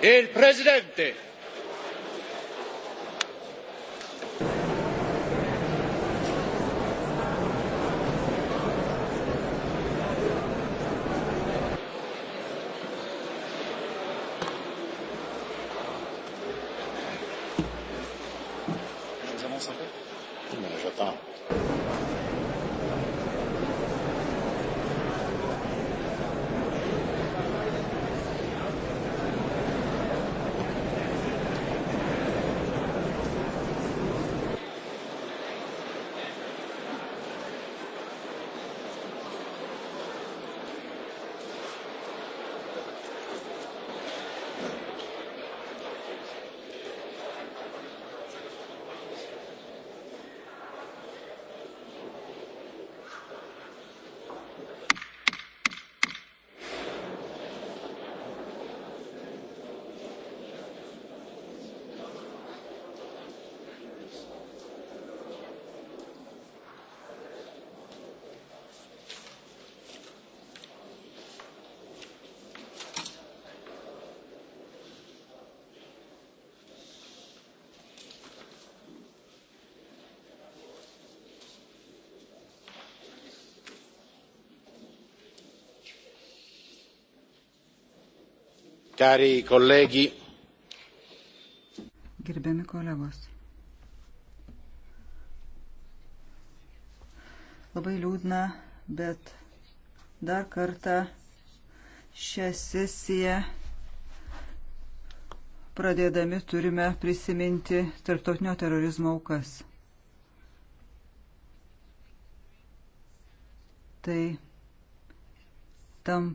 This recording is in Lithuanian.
il presidente. J'attends. Cari colleghi. Gerbiami kolegos. Labai liūdna, bet dar kartą šią sesiją pradėdami turime prisiminti tarptautinio terorizmo aukas. Tai tam